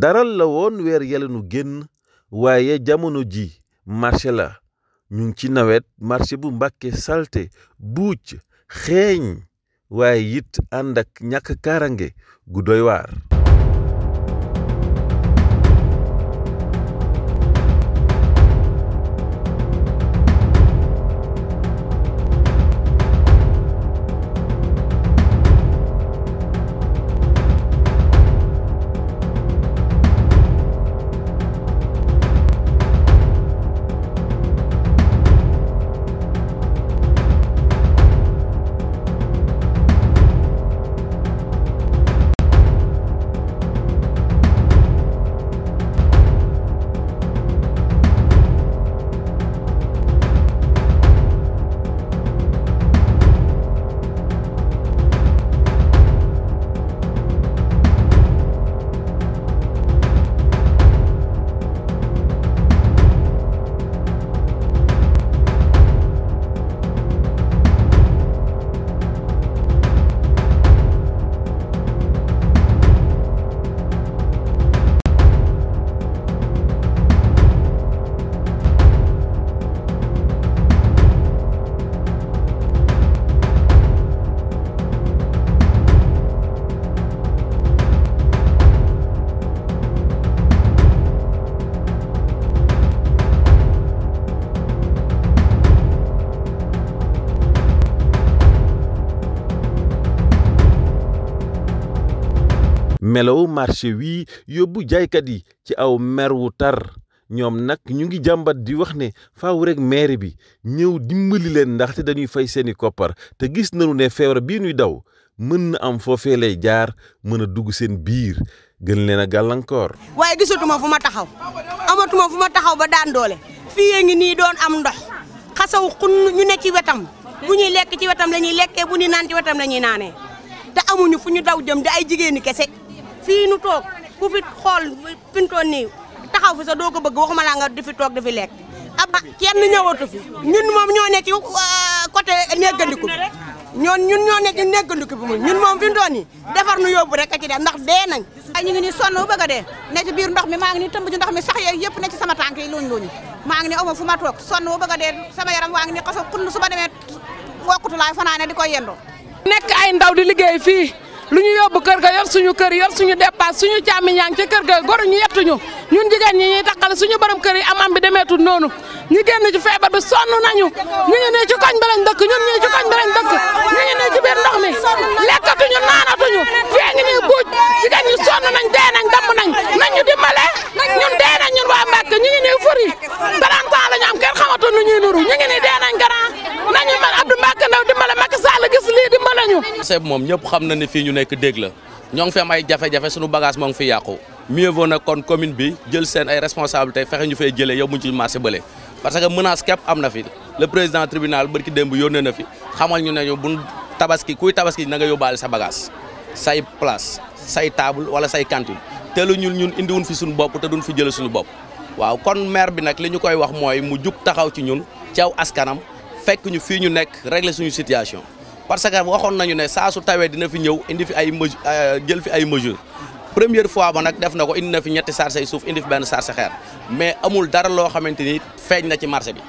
daral la woon weer yàlla nu génn waaye jamono ji marché la ñu ngi ci nawet marché bu Mbàkke salte buuc xeeñ waaye it ànd ak ñàkk kaarange gu doy waar melaw marché wii yóbbu jaaykat yi ci aw mer wu tar ñoom nag ñu ngi jàmbat di wax ne faaw rek maire bi ñëw dimbali leen ndaxte dañuy fay seeni koppar te gis nañu ne feebar bii nuy daw mën na am foofee lay jaar mën a dugg seen biir gën leen a gàllankoor. waaye gisatuma fu ma taxaw amatuma fu ma taxaw ba daan doole fii yee nii doon am ndox xasaw xun ñu ne ci wetam bu ñuy lekk ci wetam la lekkee bu ñuy naan ci wetam la ñuy naanee te amuñu fu ñu daw fii nu toog ku fi xool fi ñu toon nii taxaw fi sa doo ko bëgg waxuma laa nga di fi toog di fi lekk. ab kenn ñëwatu fi ñun moom ñoo nekk ci euh, côté néggandiku bi ñoon ñun ñoo ne ci néggandiku bi moom ñun moom fi mu toon nii defar nu yóbbu rek a ci def ndax dee nañ. ay ñu ngi nii sonn bu bëgg a dee biir ndox mi maa ngi nii tëmb ci ndox mi sax yooyu yëpp ne ci sama tànk yi luñ luñ maa ngi fu ma toog sonn bu bëgg a sama yaram waa ni nii xaso xunn su ma demee wokkutulaay fanaane di ko yendoo. nekk ay ndaw di liggéey fii lu ñu yóbbu kër ga yor suñu kër yor suñu dépasse suñu càmmi ñaa ngi ca kër ga goruñu yettuñu ñun jigéen ñi ñuy taqale suñu borom kër yi am am bi demeetul noonu ñu génn ci feebar bi sonn nañu ñu ngi ne ci koñ ba lañ dëkk ñun ñii ñu ngi ci biir ndox mi lekk HLM moom ñëpp xam na ni fii ñu nekk dégg la ñoo ngi fi am ay jafe-jafe suñu bagage moo ngi fi yàqu mieux vaut nag kon commune bi jël seen ay responsabilités fexe ñu fay jëlee yow mu ci marché bale parce que menace képp am na fi le président tribunal bërki démb yónnee na fi xamal ñu ne ñu buñ tabaski kuy tabaski na nga yóbbaale sa bagage say place say wala say cantine te ñun ñun fi suñu bopp te duñ fi jëlee suñu bopp waaw kon maire bi nag li ñu koy wax mooy mu jug taxaw ci ñun ci aw askanam fekk ñu fii ñu nekk régler suñu situation parce que waxoon nañu ne saa su tawee dina fi ñëw indi fi ay mesures euh, jël fi ay mesures première fois ba nag def na ko indi na fi ñetti sarse suuf indi fi benn sarse xeer mais amul dara loo xamante ni feeñ na ci marché bi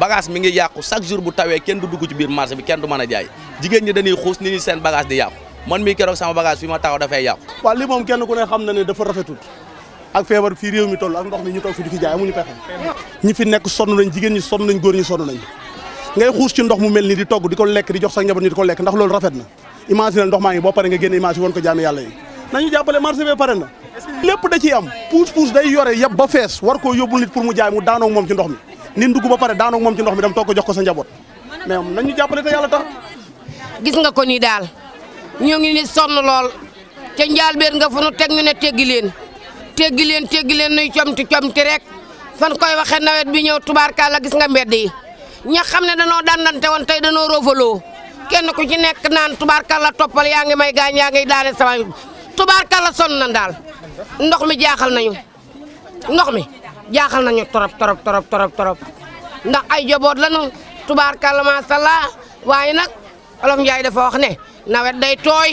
bagage mi ngi yàqu chaque jour bu tawee kenn du dugg ci biir marché bi kenn du mën a jaay jigéen ñi dañuy xuus ni ñi seen bagage di yàqu man mii keroog sama bagage fi ma taxaw dafay yàqu waaw li moom kenn ku ne xam na ne dafa rafetul ak feebar fii réew mi toll ndox mi ñu toog fi nekk sonn nañ jigéen ñi sonn nañ góor ñi sonn nañ ngay xuus ci ndox mu mel ni di togg di ko lekk di jox sa njaboot ñu di ko lekk ndax loolu rafet na imagine ndox maa ngi boo pare nga génne image yi woon ko jaami yàlla yi nañu jàppale marché bi pare na lépp da am puus puus day yore yëpp ba fees war koo yóbbul nit pour mu jaay mu daanoog moom ci ndox mi nit dugg ba pare daanoog moom ci ndox mi dem toog ko jox ko sa njaboot nañu jàppale te yàlla tax gis nga ko nii daal ñoo ngi ni sonn lool ca njaal nga fu nu teg ñu ne teggi leen teggi leen teggi leen nuy comti comti rek fan koy waxe nawet bi ñëw tubaarkàlla gis nga mbedd yi ña xam ne danoo dandante woon tey danoo roofaloo kenn ku ci nekk naan tubaar tubaarkalla toppal yaa ngi may gaañ yaa ngi daane sama tubaarkalla sonn nan daal ndox mi jaaxal nañu ndox mi jaaxal nañu torop torop torop torop torop ndax ay joboot lañu tubaarkalla maasallaa waaye nag olof Njaay dafa wax ne nawet day tooy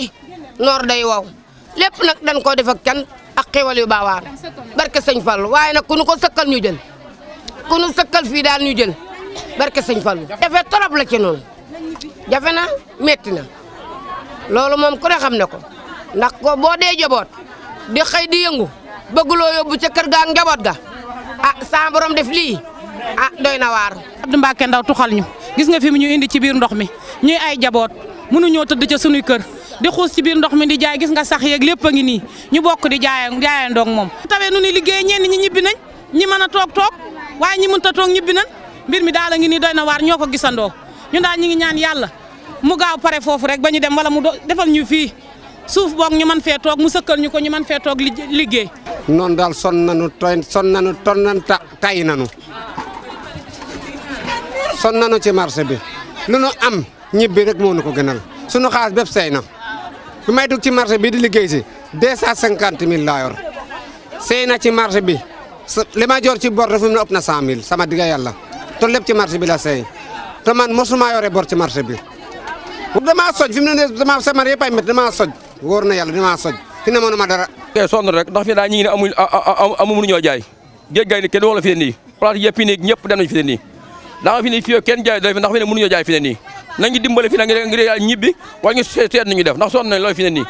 noor day wow lépp nag dañ koo def ak can ak xéwal yu baawaan barke sëñ Fall waaye nag ku nu ko sëkkal ñu jël ku nu sëkkal fii daal ñu jël barke sëñ Fallou jafe torop la ci noonu jafe na métti na loolu mom ku ne xam ne ko ndax ko bo de jobot di xey di lo yobbu ci kër ga ngabot sambo ga ah sa borom def li ah doyna war Abdou mbake Ndaw tukhal ñu gis nga fi mu ñu indi ci biir ndox mi ñuy ay jaboot ñoo tëdd ci suñu kër di xoss ci biir ndox mi di jaay gis nga sax yeek lepp ngi ni ñu bokk di jaay jaayandoog mom tawé nu ni liggéey ñen ñi ñibbi nañ ñi mëna tok tok toog ñi mënta tok ñibbi nañ mbir mi daal a ngi nii doy na waar ñoo ko gisandoo ñun daal ñu ngi ñaan yàlla mu gaaw pare foofu rek ba ñu dem wala mu defal ñu fii suuf boog ñu man fee toog mu sëkkal ñu ko ñu man fee toog liggéey. noonu daal son nanu tooy son nanu ton nan ta tay nanu son nanu ci marché bi lu nu am ñibbi rek moo nu ko gënal sunu xaalis bépp say na bi may dugg ci marché bi di liggéey si deux cent cinquante mille laa yor sey na ci marché bi li ma jor ci bor dafa mu ëpp na cent mille sama digga yàlla. te lepp ci marché bi la sey te man mosuma yoré bor ci marché bi dama soj fi mu ne damaa sama yëpp ay met dama soj wor na yalla dama soj fi ne monuma dara. tey sonu rek ndax fi da ñi ngi ne amuñ amuñu ñoo jaay géej gay ni kenn wala fi ni nii place ni yi nii ñëpp dem fi ni da nga fi ni fi kenn jaay do fi ndax fi ne ñoo jaay fi ni na ngi dimbale fi na ngi ngi ñibbi wa ngi seet nañu def ndax sonu nañ loy fi ni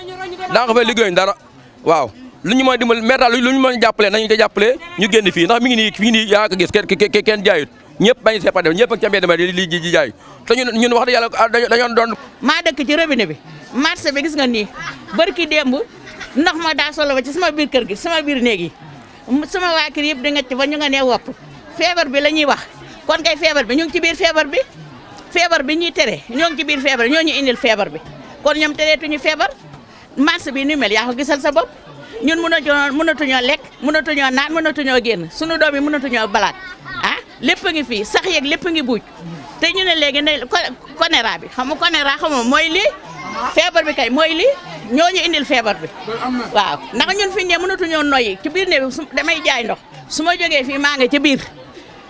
da nga fa liggéey dara waaw luñu moy dimbal maire luñu moy jappalé nañu ko jappalé ñu genn fi ndax mi ngi ni fi ni ya ko gis kenn jaayut ñepp bañ sépp dem ñepp ak ci mbedd ma di li ji jaay té ñun ñun wax yalla dañu dañoo don. maa dëkk ci robinet bi marché bi gis nga ni barki demb ndox ma daa solo ba ci sama biir kër gi sama biir néeg yi sama waa kër yëpp da nga ci ba ñu nga né wop fièvre bi lañuy wax kon kay fièvre bi ñu ci biir fièvre bi fièvre bi ñi téré ñu ngi ci biir fièvre ñoo ñu indil fièvre bi kon téré tuñu fièvre marché bi ñu mel ya ko gisal sa bop ñun lek naan sunu doomi yi mënatuñoo balaat lépp a ngi fi sax yeeg lépp a ngi buuj te ñu ne léegi ne choléra bi xam nga choléra xam nga mooy lii feebar bi kay mooy li ñoo ñu indil feebar bi waaw ndax ñun fi ne mënatuñoo noyyi ci biir ne damay jaay ndox su ma jógee fii maa nga ci biir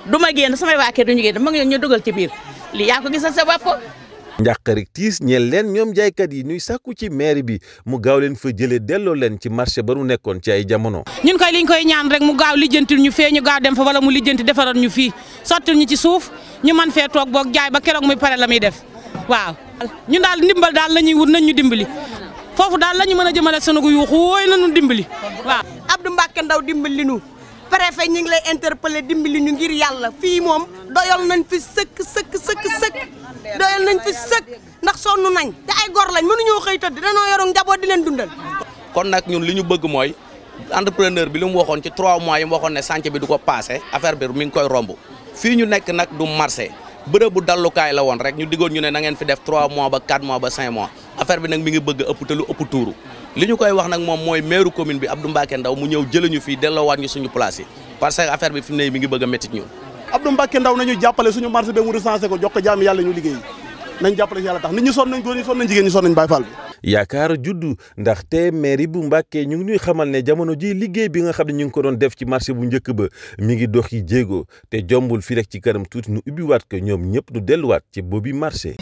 du ma génn samay waakee duñu génn ma ngi ñu dugal ci biir li yaa ko gisal sa bopp njàqarik tiis ñeel leen ñoom jaaykat yi ñuy sakku ci maire bi mu gaaw leen fa jëlee delloo leen ci marché ba nekkoon ci ay jamono. ñun koy ñu koy ñaan rek mu gaaw lijjantil ñu fee ñu gaaw dem fa wala mu lijjanti defaral ñu fii sottil ñu ci suuf ñu man fee toog boog jaay ba keroog muy pare la muy def waaw. ñun daal ndimbal daal la ñuy wut nañ ñu dimbali foofu daal lañu ñu mën a jëmale sunu gu yuuxu wooy nañu dimbali waaw. Abdou Mbacke Ndaw dimbali nu préfet ñu ngi lay interpellé dimbali ñu ngir yàlla fi moom doyal nañ fi sëkk sëkk sëkk sëkk doyal nañ fi sëkk ndax sonn nañ te ay gor lañ mënuñoo xëy tëdd danoo yoru njaboot di leen dundal. kon nag ñun li ñu bëgg mooy entrepreneur bi li mu waxoon ci trois mois yi mu waxoon ne chantier bi du ko passé affaire bi mi ngi koy romb fii ñu nekk nag du marché. bërëbu dallukaay la lawan rek ñu diggoon ñu ne na ngeen fi def 3 mois ba 4 mois ba 5 mois affaire bi mi li koy wax maire commune bi Abdou Mbacké Ndaw mu ñëw jëlañu fii delloowaat ñu suñu place parce que bi fi mu ne mi ngi bëgg a métti ñun Abdou Mbacké Ndaw nañu jàppale suñu marché bi mu recensé ko jox ko jaam yàlla ñu liggéey nañ jàppale si yàlla tax nit ñi sonn nañ góor ñi sonn nañ ñi nañ Baye yaakaar juddu ndaxte mairie bu Mbàkke ñu ngi ñuy xamal ne jamono ji liggéey bi nga xam ne ñu ngi ko doon def ci marché bu njëkk ba mu ngi dox yi jéego te jombul fi rek ci kanam tuuti nu ubbiwaat ko ñoom ñëpp nu delluwaat ci boobi marché.